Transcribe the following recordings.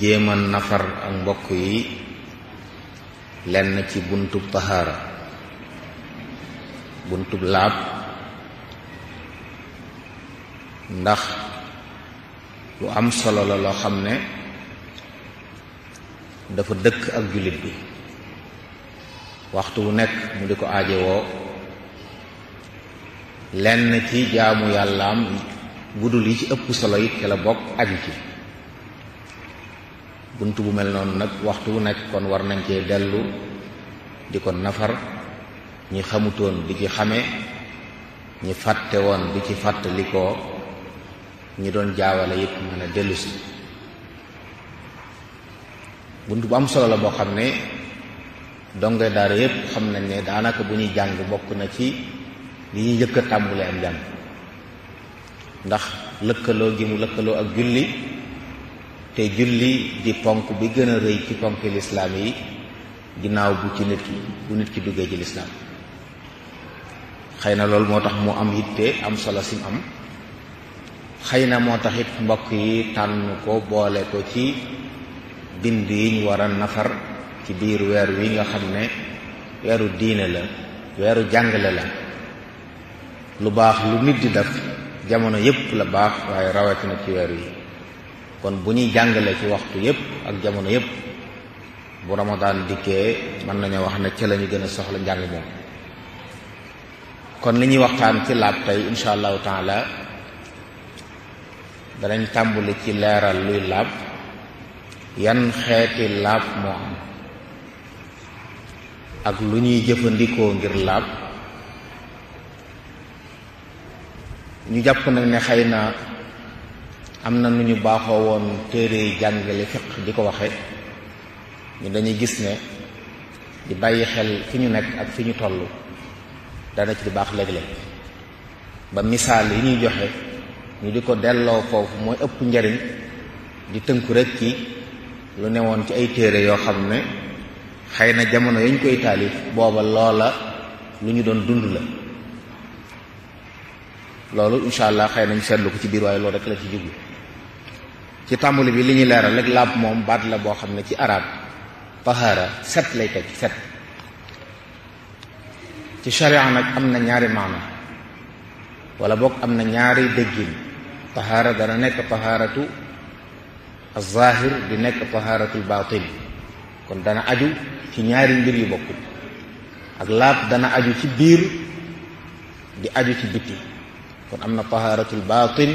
jéema nafar ak mbokk yi lenn ci buntu tahara buntu laab ndax lu am solo la loo xam ne dafa dëkk ak julit bi waxtu wu mu di ko aja lenn ci jaamu yàllaam gudul yi ci ëpp solo yi la bokk ci Buntu bu mel nak nag waxtu nak kon war nañ ci delu diko nafar ñi xamuton di ci xamee ñi fatte won di ci fàttalikoo ñi don jaawale yépp mëna delu ci buntu bu am solo la bo xam dongé donge daara yépp xam nañ né danaka bu ñuy jang bokk na ci li ñi tambulé am jang ndax gi mu ak julli te julli di ponk bi gën a rëy ci ponk lislaam yi ginnaaw bu ci nit bu nit ki duggee ci lislaam xëy na loolu moo tax mu am yitte am solo sim am xëy na moo tax mbokk yi tànn ko boole ko ci bind ñu war a nafar ci biir weer wi nga xam ne weeru diine la weeru jàngale la lu baax lu nit di def jamono yépp la baax waaye rawatina ci weer wi kon bu ñuy jàngalee ci waxtu yépp ak jamono yépp bu ramadaan dikkee mën nañoo wax ne ca la ñu gën a soxla njàng kon li ñuy waxtaan ci laab tey insha allahu taala danañ tàmbali ci leeral luy laab yan xeeti laab moo am ak lu ñuy jëfandikoo ngir laab ñu jàpp nag ne xëy na am na lu ñu baaxoo woon téere yi jàngale fiq di ko waxe ñu dañuy gis ne di bàyyi xel fi ñu nekk ak fi ñu toll dana ci di baax léeg-léeg ba misaal yi ñuy joxe ñu di ko delloo foofu mooy ëpp njariñ di tënku rek ci lu ne woon ci ay téere yoo xam ne xëy na jamono yañ koy taalif booba loola lu ñu doon dund la loolu incha allah xëy nañ seetlu ko ci biir waaye loolu rek la ci jublu ci tàmbali bi li ñuy leeral nag laab moom baat la boo xam ne ci arab tahaara set lay teg set ci sharia nag am na ñaari maana wala boog am na ñaari déggin tahaara dana nekk tahaaratu azahir di nekk tahaaratul baatin kon dana aju ci ñaari mbir yu bokkul ak laab dana aju ci biir di aju ci bitti kon am na tahaaratul baatin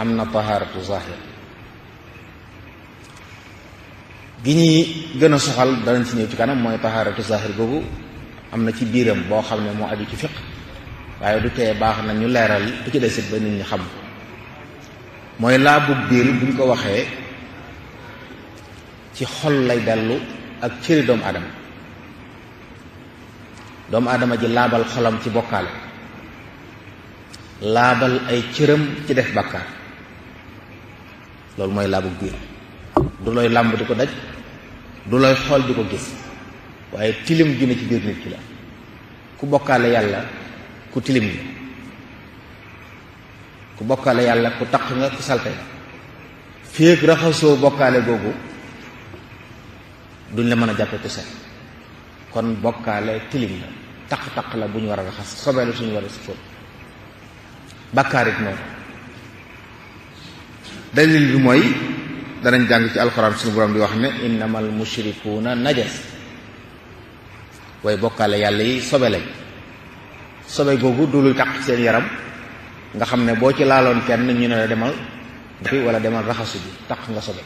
am na tahaaratu zahir gi ñuy gën a soxal danañ ci ñëw ci kanam mooy taxaaratu zahir googu am na ci biiram boo xam ne moo aju ci fiq waaye du tee baax na ñu leeral du ci desit ba nit ñi xam mooy laabub biir buñ ko waxee ci xol lay dellu ak cëri doomu aadama doomu aadama ji laabal xolam ci bokkaale laabal ay cëram ci def bàkkaar loolu mooy laabub biir du looy làmb di ko daj du looy xool di ko gis waaye tilim gi ne ci biir nit ki la ku bokkaale yàlla ku tilim gi ku bokkaale yàlla ku taq nga ku salte nga féeg raxasoo bokkaale googu duñ la mën a jàppe ku set kon bokkaale tilim la taq-taq la bu ñu war a raxas sobee la suñu war a si fóot bàkkaarit noonu dalil bi mooy danañ jàng ci alxuraan suñu borom di wax ne innamal mushrikuuna najas way bokkaale yàlla yi sobe lañ sobe googu du luy taq seen yaram nga xam ne boo ci laaloon kenn ñu ne la demal bi wala demal raxasu bi taq nga sobe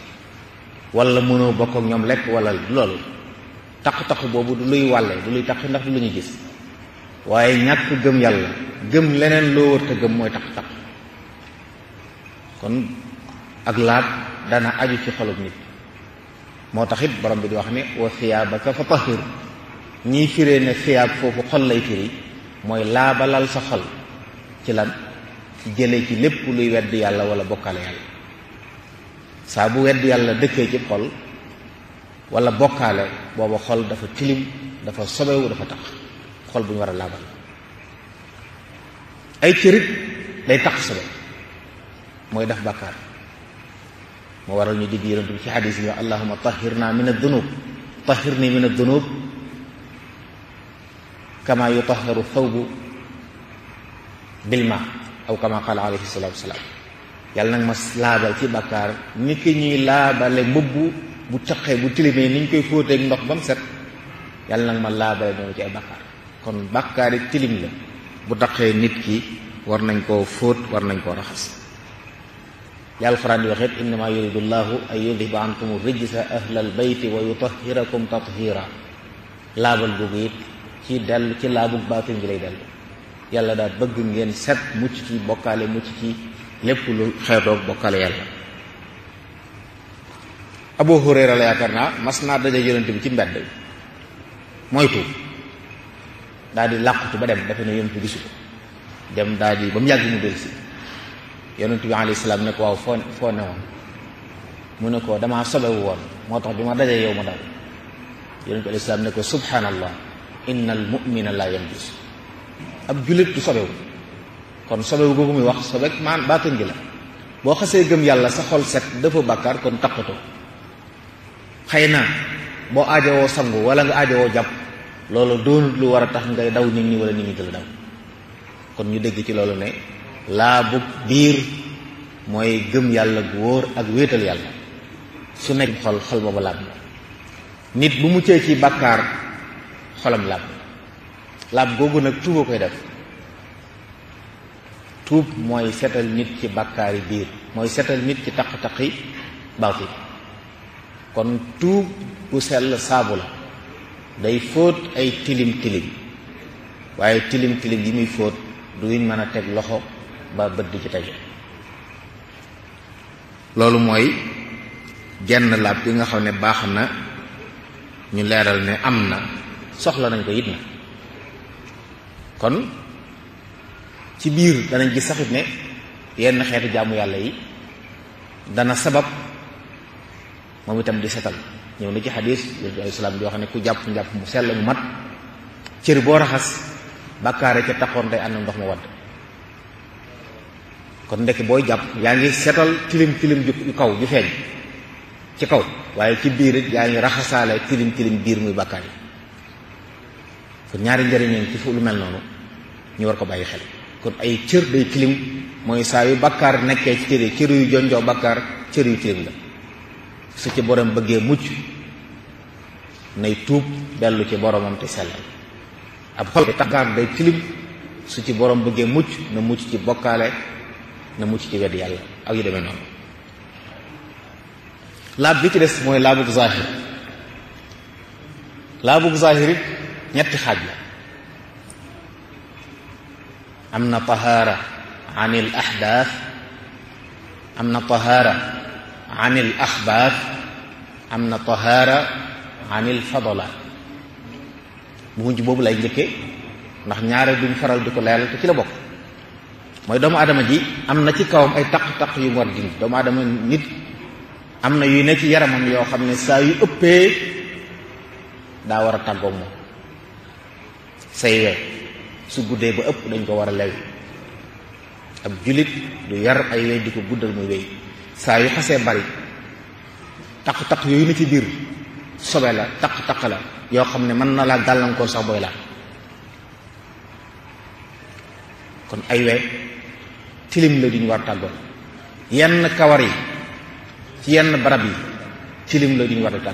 wala mënoo bokk ñoom lekk wala loolu taq-taq boobu du luy wàlle du luy taq ndax du lu ñu gis waaye ñàkk gëm yàlla gëm leneen loo wër te gëm mooy taq-taq kon ak laab dana aju ci xolub nit moo tax it borom bi di wax ne wa siyaabaka fa tahir ñiy firee ne siyaab foofu xol lay firi mooy laabalal sa xol ci lan ci jële ci lépp luy wedd yàlla wala bokkale yàlla saa bu wedd yàlla dëkkee ci xol wala bokkaale booba xol dafa tilim dafa sobewu dafa tax xol bu ñu war a laabal ay cërit day tax sobe mooy def bàkkaar mo waral ñu digg yonent bi ci hadith allahumma tahirna min adh-dhunub tahirni min adh-dhunub kama ath-thawb bil bilma aw kama qala alayhi salatu wassalam yalla nak mas laabal ci bàkkaar ni ki ñuy laabale mbubb bu taxé bu tilimé ni ngi koy ak ndox bam set yalla nak ma do ci kon bàkkaari tilim la bu taxé nit ki war nañ ko fóot war nañ ko raxas li alquran di waxeet innama yuridu llahu an yudhiba ankum rijsa ahlal bayti wa yutahhirakum tathira laabal googu it ci dellu ci laabug baatin lay dellu yàlla daal bëgg ngeen set mucc ci bokkaale mucc ci lépp lu xeetoog bokkaale yàlla abu hurayra la yaakaar naa mas naa daja yonent bi ci mbedd bi moytu daal di làqutu ba dem dafa ne yonent bi gisu ko dem daal di ba mu yàgg mu delsi yonent bi alayhi salaam ne ko waaw foo foo ne woon mu ne ko damaa sobewu woon moo tax bi ma dajee yow ma daal yonent bi alayhi salaam ne ko subhanallah inna al mumina la yanjus ab jullit du sobewu kon sobewu googu muy wax sobek maan baatin gi la boo xasee gëm yàlla sa xol set dafa bàkkaar kon taqatu xëy na boo aajowoo sangu wala nga aajowoo jàpp loolu doonut lu war a tax ngay daw nit ñi wala nit ñi di la daw kon ñu dégg ci loolu ne laabu biir mooy gëm yàlla gu wóor ak wéetal yàlla su nekk xol xol booba laab na nit bu muccee ci bàkkaar xolam laab na laab googu nag tuuba koy def tuub mooy setal nit ci bàkkaari biir mooy setal nit ci taq-taqi baaxi kon tuub bu sell saabu la day fóot ay tilim tilim waaye tilim tilim yi muy fóot duñ mën a teg loxo ba bëdd ci tay loolu mooy genn laab bi nga xam ne baax na ñu leeral ne am na soxla nañ ko it na kon ci biir danañ gis saxit ne yenn xeetu jaamu yàlla yi dana sabab moom itam di setal ñëw na ci xadis yonent bi salaam di wax ne ku jàpp njàpp mu sell mu mat cër boo raxas bàkkaare ya ca taxoon day ànd ndox mu wadd kon ndekki booy jàpp yaa ngi setal tilim tilim ju kaw ju feeñ ci kaw waaye ci biir it yaa ngi raxasaale tilim tilim biir muy bàkkaar yi kon ñaari njëriñeen ci fu lu mel noonu ñu war ko bàyyi xel kon ay cër day tilim mooy saa yu bàkkaar nekkee ci cër yi cër yu jonjoo bàkkaar cër yu tilim la su ci borom bëggee mucc nay tuub dellu ci boromam te sellal ab xol day tilim su ci boroom bëggee mucc na mucc ci bokkaale نموت في غير يلا أو يدمن نون لا بيتلس مه لا بوك ظاهر لا بوك ظاهر نيت خاجة أمن طهارة عن الأحداث أمن طهارة عن الأحباب أمن طهارة عن الفضلة بوجبوب لا يجيك نحن نعرف بين فرد كلالة كلا بوك moy doomu adama ji am na ci kawam ay tak tak yu war dindi doomu adama nit am na yu ne ci yaramam yo xam ne saa yu uppe da wara tagom mo sey we su gude ba upp dañ ko wara lew ab julit du yar ay wey diko guddal muy wey sa yu xasse bari tak tak yu ne ci bir sobe la tak tak la yo xamne man na la galan ko sax boy la kon ay we tilim la diñu war tàggoo yenn kawar yi ci yenn barab yi tilim la diñu war a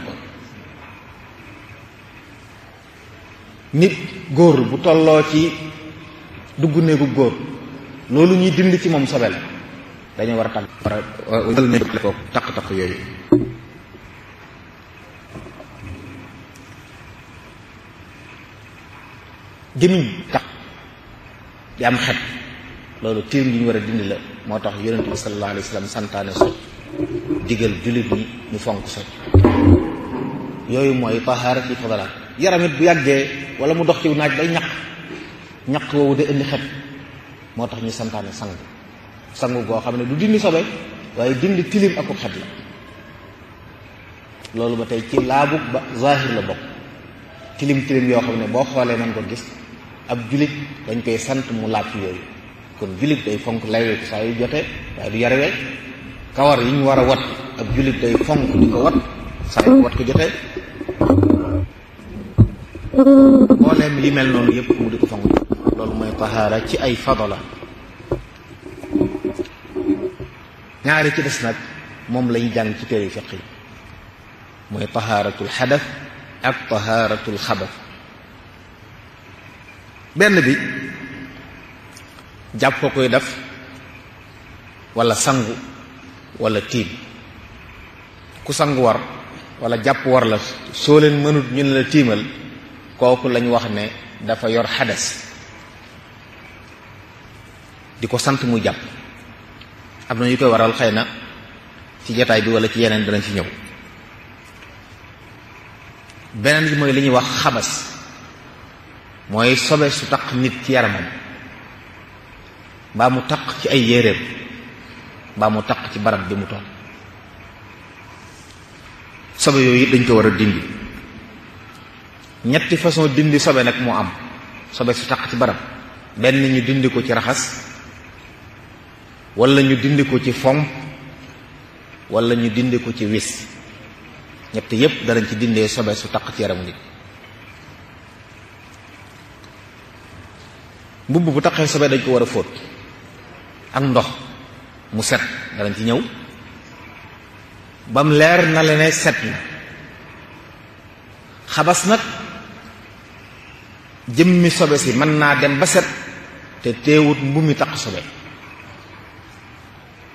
nit gor bu tollo ci duggu neegu gor loolu ñi dind ci mom sobel dañu war tag wal ne ko tak tak yoy tak di am xet loolu tiir yu ñu war a dindi la moo tax yonent bi sallallahu santaane soj digal jullit ñi ñu fonk soj yooyu mooy tahaara ci fadalaat yaramit bu yàggee wala mu dox ci naaj day ñaq ñaq woowu de indi xet moo tax ñu santaane sang sangu goo xam ne du dindi sobe waaye dindi tilim ak xet la loolu ba tey ci laabu ba zahir la bokk tilim tilim yoo xam ne boo xoolee mën ko gis ab jullit dañ koy sant mu laaj yooyu kon jullit day fonk lay wecc saa yu jote waaye du yare kawar yi ñu war a wat ak jullit day fonk di ko wat saa yu ko jote mbooleem mel noonu yëpp mu ko fonk mooy tahaara ci ay fadala ñaari ci nag moom lañu jàng ci téere fiq yi mooy tahaaratul xadaf ak tahaaratul xabaf benn bi jàpp koy def wala sangu wala tim ku sang war wala japp war la so len meunut ñun la timal koku lañ wax ne dafa yor hadas di sant mu japp am yu koy waral xeyna ci jotaay bi wala ci yenen danañ ci ñew benen bi moy liñ wax xabas moy sobe su tak nit ci yaramam mbaa mu taq ci ay yéreem mbaa mu taq ci barab bi mu toog sobe yooyu dañ ko war a dindi ñetti façon dindi sobe nag mu am sobe su taq ci baram benn ñu dindi ko ci raxas wala ñu dindi ko ci fomp wala ñu dindi ko ci wis ñett yépp danañ ci dindee sobe su taq ci yaramu nit mbubb bu taqee sobe dañ ko war a fóot ak ndox mu set danañ ci ñëw bam leer na le ne set na xabas nag jëmmi sobe si mën naa dem ba set te teewut mbu mi taq sobe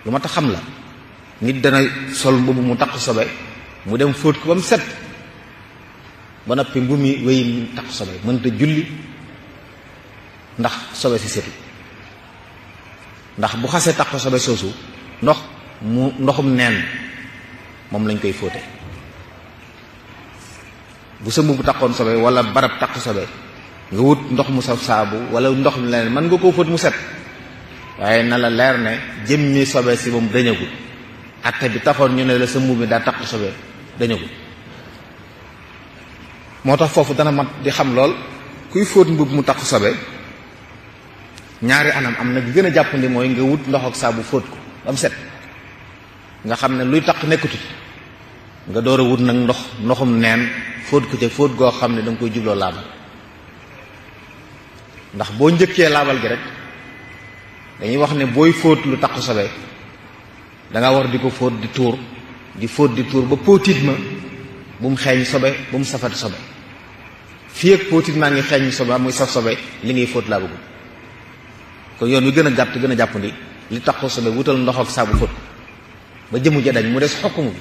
lu ma tax xam la nit dana sol mbubb mu taq sobe mu dem fóot ko ba set ba noppi mbu mi wéy mu taq sobe mënta julli ndax sobe si setu ndax bu xasee taq sobe soosu ndox mu ndoxum neen moom lañ koy fóote bu sa mbubb taqoon sobe wala barab taq sobe nga wut ndox mu saf saabu wala ndox mu leneen mën nga koo fóot mu set waaye na la leer ne jëmmi sobe si moom dañagul atte bi taxoon ñu ne la sa mbubb mi daa taq sobe dañagul moo tax foofu dana mat di xam lool kuy fóot mbubb mu takk sobe ñaari anam am na bi gën a jàppandi mooy nga wut ndox ak saabu fóot ko ba mu set nga xam ne luy taq nekkutut nga door a wut nag ndox ndoxum neen fóot ko ca fóot goo xam ne da koy jubloo laabal ndax boo njëkkee laabal gi rek dañuy wax ne booy fóot lu taq sobe danga war di ko fóot di tuur di fóot di tuur ba póotit ma bu mu xeeñ sobe bu mu safat sobe fii ak póotit maa ngi xeeñ sobe muy saf sobe li ngay fóot laa bëgg kon yoon wi gën a gàtt gën a jàppandi li taxaw sa la wutal ndox ak saabu fóot ba jëmu ja dañ mu des xokkumu bi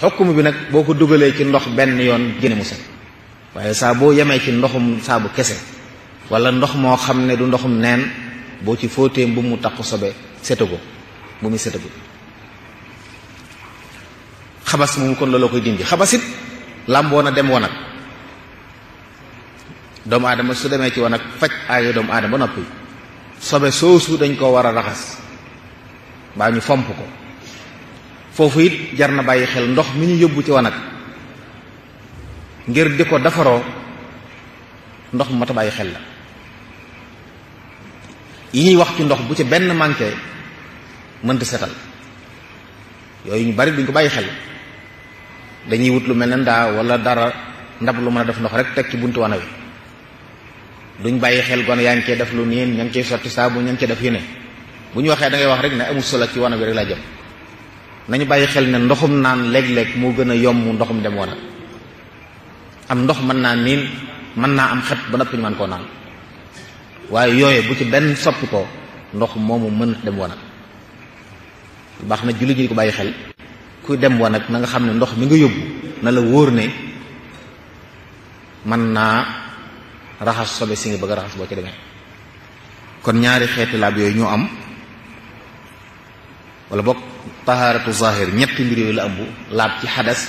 xokkumu bi nag boo ko dugalee ci ndox benn yoon génne mu set waaye saa boo yemee ci ndoxum saabu kese wala ndox moo xam ne du ndoxum neen boo ci fóotee mbu mu taqu sobe setago mbu mu setago xabas mu kon looloo koy dindi xabasit làmboo na dem wanag doomu aadama su demee ci wanag faj aayo doomu aadama ba noppi sobe soosu dañ ko war a raxas mbaa ñu fomp ko foofu it jar na bàyyi xel ndox mi ñu yóbbu ci wanag ngir di ko defaroo ndox mu mat bàyyi xel la yi ñuy wax ci ndox bu ci benn manqué mënt setal yooyu ñu bari duñ ko bàyyi xel dañuy wut lu mel ne ndaa wala dara ndab lu mën a def ndox rek teg ci buntu wana wi duñ bàyyi xel gone yaa ngi cee def lu niin ña ngi cee sotti saabu ña ngi cee def yu ne bu ñu waxee da wax rek ne amul solo ci wana bi rek laa jëm nañu bàyyi xel ne ndoxum naan léeg-léeg moo gën a yomb ndoxum dem wana ndox mën naa niin mën naa am xet ba noppi mën koo naan waaye yooyu bu ci benn soppi ndox moomu mën dem wana baax na jullit ñi ko bàyyi xel kuy dem wan na nga xam ne ndox mi nga yóbbu na la wóor ne mën naa raxas sobe singi nga bëgg raxas boo ci demee kon ñaari xeeti laab yoy am wala bokk taharatu zahir ñetti mbir wila la ëmb hadas, ci xadas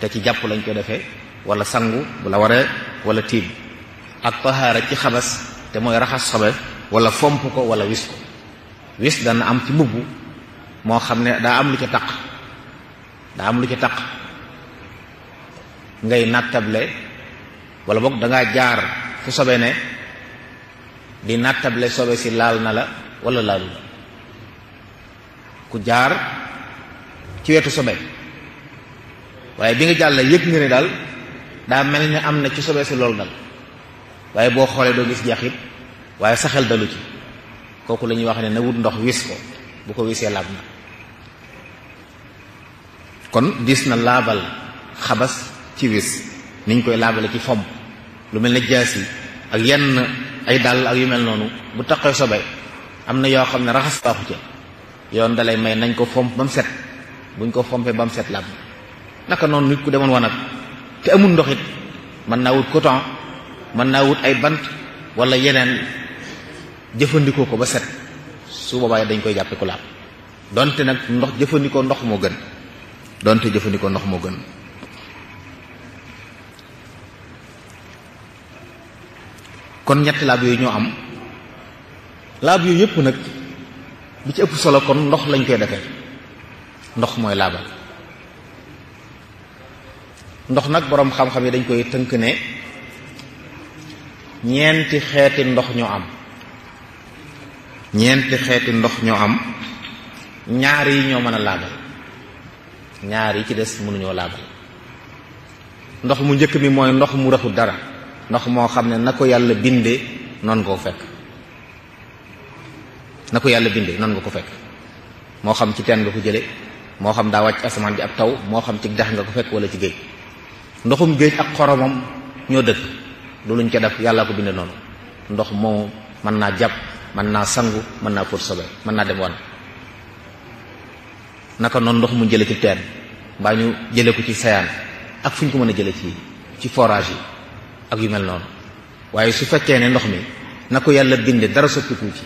te ci jàpp lañ ko defee wala sangu wala la wala tib ak tahaara ci xabas te mooy raxas sobe wala fomp ko wala wis ko wis dana am ci mbubb mo xam da am lu ca taq daa am lu ngay natable wala da nga jaar fu sobe ne di nattable sobe si laal na la wala laalu la ku jaar ci wetu sobe waaye bi nga jàll yëg nga ne daal daa mel ni am na ci sobe si loolu dal waaye boo xoolee doo gis jaxit waaye sa xel dalu ci kooku la ñuy wax ne na wut ndox wis ko bu ko wisee laab na kon dis na laabal xabas ci wis niñ koy laabale ci fomp lu mel ne jaas yi ak yenn ay dàll ak yu mel noonu bu taqee bay am na yoo xam ne raxas baaxu ca yoon dalay may nañ ko fomp ba mu set buñ ko fompee ba mu set làmb naka noonu nit ku demoon wanag te amul ndox it mën naa wut coton mën naa wut ay bant wala yeneen jëfandikoo ko ba set su boobaa dañ koy jàppe ko laab donte nag ndox jëfandikoo ndox moo gën donte jëfandikoo ndox moo gën kon ñetti laab yooyu ñoo am laab yooyu yëpp nag bi ci ëpp solo kon ndox lañ koy defee ndox mooy laabal ndox nag boroom xam-xam yi dañ koy tënk ne ñeenti xeeti ndox ñoo am ñeenti xeeti ndox ñoo am ñaar yi ñoo mën a laabal ñaar yi ci des mënuñoo laabal ndox mu njëkk mi mooy ndox mu raxul dara ndox moo xam ne na ko yàlla bindee noonu nga ko fekk na ko yàlla bindee noonu nga ko fekk moo xam ci teen nga ko jële moo xam daa wàcc asamaan bi ab taw moo xam ci dex nga ko fekk wala ci géej ndoxum géej ak xoromam ñoo dëkk du luñ ca def yàlla ko binde noonu ndox moo mën naa jàpp mën naa sangu mën naa pour sobe mën naa dem wan naka noonu ndox mu jële ci teen baa ñu jële ko ci sayaan ak fu ñu ko mën a jële ci ci yi ak yu mel noonu waaye su fekkee ne ndox mi na ko yàlla binde dara soppiku ci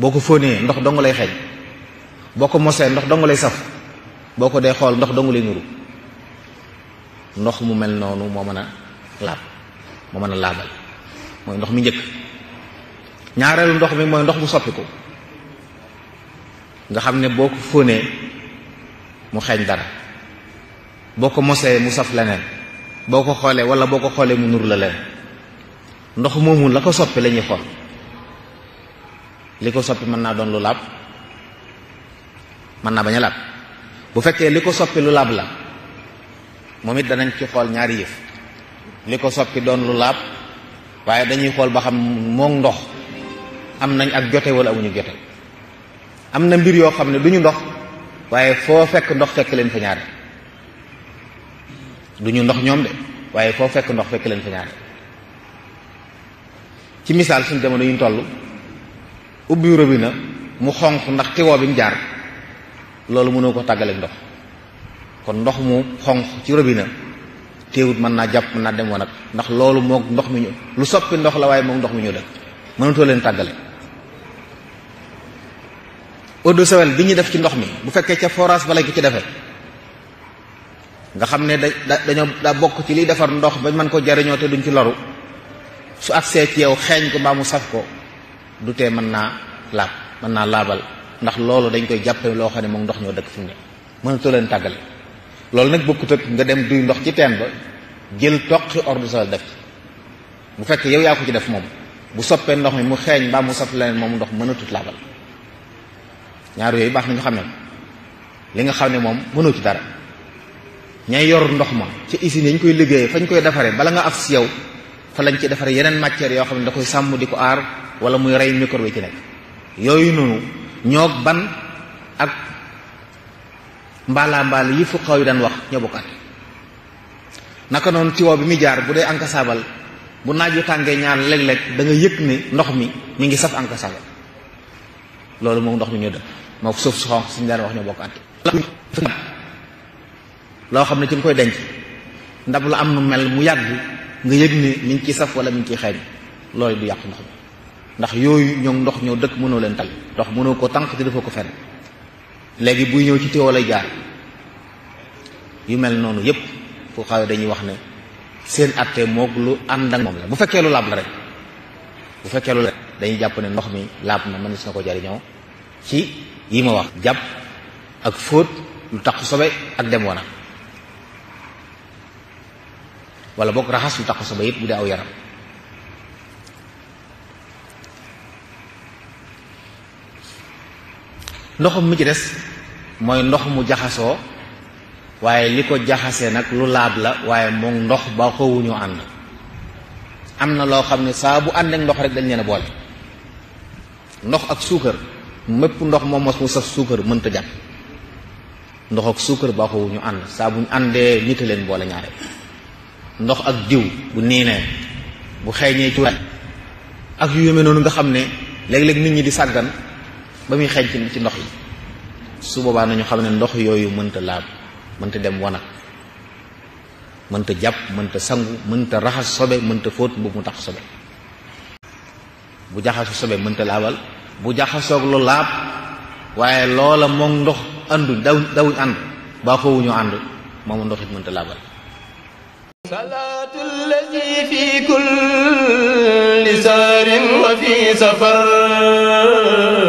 boo ko fóonee ndox dong lay xeeñ boo ko mosee ndox dong lay saf boo ko dee xool ndox dongu lay nuru ndox mu mel noonu moo mën a laab moo mën a laabal mooy ndox mi njëkk ñaareelu ndox mi mooy ndox mu soppiku nga xam ne boo ko fóonee mu xeeñ dara boo ko mosee mu saf leneen boo ko xoolee wala boo ko xoolee mu nur la leen ndox moomu la ko soppi la ñuy xool li ko soppi mën naa doon lu laab mën naa bañ a laab bu fekkee li ko soppi lu laab la moom it danañ ci xool ñaari yëf li ko soppi doon lu laab waaye dañuy xool ba xam moom ndox am nañ ak jote wala amuñu jote am na mbir yoo xam ne duñu ndox waaye foo fekk ndox fekk leen fa ñaar du ñu ndox ñoom de waaye foo fekk ndox fekk leen fa ñaare ci misaal suñ jamono ñu toll ubbi robina mu xonq ndax tiwoo bi mu jaar loolu mënoo ko tàggaleeg ndox kon ndox mu xonq ci robinet téewut mën naa jàpp mën naa dem woon ak ndax loolu moo ndox mi ñu lu soppi ndox la waaye moog ndox mi ñu dëkk mënatoo leen tàggale eau de javel bi ñu def ci ndox mi bu fekkee ca forage ba lañ ko ci defee nga xam ne da dañoo da bokk ci liy defar ndox bañ mën ko jariñoo te duñu ci loru su agsee ci yow xeeñ ko mbaa mu saf ko du tee mën naa laab mën naa laabal ndax loolu dañ koy jàppe loo xam ne moom ndox ñoo dëkk fi mu ne mënatoo leen tàggale loolu nag bokkut nga dem duy ndox ci teen ba jël toqi eau de def bu fekkee yow yaa ko ci def moom bu soppee ndox mi mu xeeñ mbaa mu saf leneen moom ndox mënatut laabal ñaar yooyu baax na ñu xam ne li nga xam ne moom mënoo ci dara ñay yor ndox ma ci usine ñu koy liggéey fañ koy défaré bala nga af ci yow fa lañ ci défaré yenen matière yo xam da koy sam di ko ar wala muy rey microbe ci nek yoyu noonu ñok ban ak mbala mbala yi fu xaw yi dan wax naka bi mi jaar bu ankasabal bu naaju tangé ñaan da nga yek ni ndox mi mi ngi saf ankasabal lolu mo ndox mi ñu dëkk moog suuf xox suñu dara wax ñoo loo xam ne ci nga koy denc ndab la am nu mel mu yàgg nga yëg ne mi ngi ciy saf wala mi ngi ciy xeeñ loolu du yàqu ndox mi ndax yooyu ñoom ndox ñoo dëkk mënoo leen tal ndox mënoo ko tànq te dafa ko fen léegi buy ñëw ci teewoo lay jaar yu mel noonu yépp foo xawe dañuy wax ne seen atte moog lu ànd moom bu fekkee lu laab rek bu fekkee lu dañuy jàpp ne ndox mi laab na mënees na ko jariñaw ci yi ma wax jàpp ak fóot lu tax sobe ak dem wana walau bok rahas utak sebayit budak awir. Noh mi ci noh mooy ndox mu jaxasoo nak lu labla, la waaye noh ndox ba xowuñu ànd am na loo xam ne bu ànd ak noh rek dañ leen a boole ndox ak suukar mépp ndox moom mos mu saf suukar mënta jàpp ak suukar ba xowuñu ànd saa buñ àndee nita leen boole ndox ak diw bu niinee bu xeeñee cuuraay ak yu noonu nga xam ne léeg-léeg nit ñi di sàggan ba muy xeeñ ci ndox yi su boobaa nañu xam ne ndox yooyu mënta laab mënta dem wanag mënta jàpp mënta sangu mënta raxas sobe mënta fóot bu mu tax sobe bu jaxasu sobe mënta laabal bu jaxasoog lu laab waaye loola moom ndox andu daw dawuñ ànd baaxoowuñu ànd moomu ndox it mënta laabal صلاة الذي في كل سار وفي سفر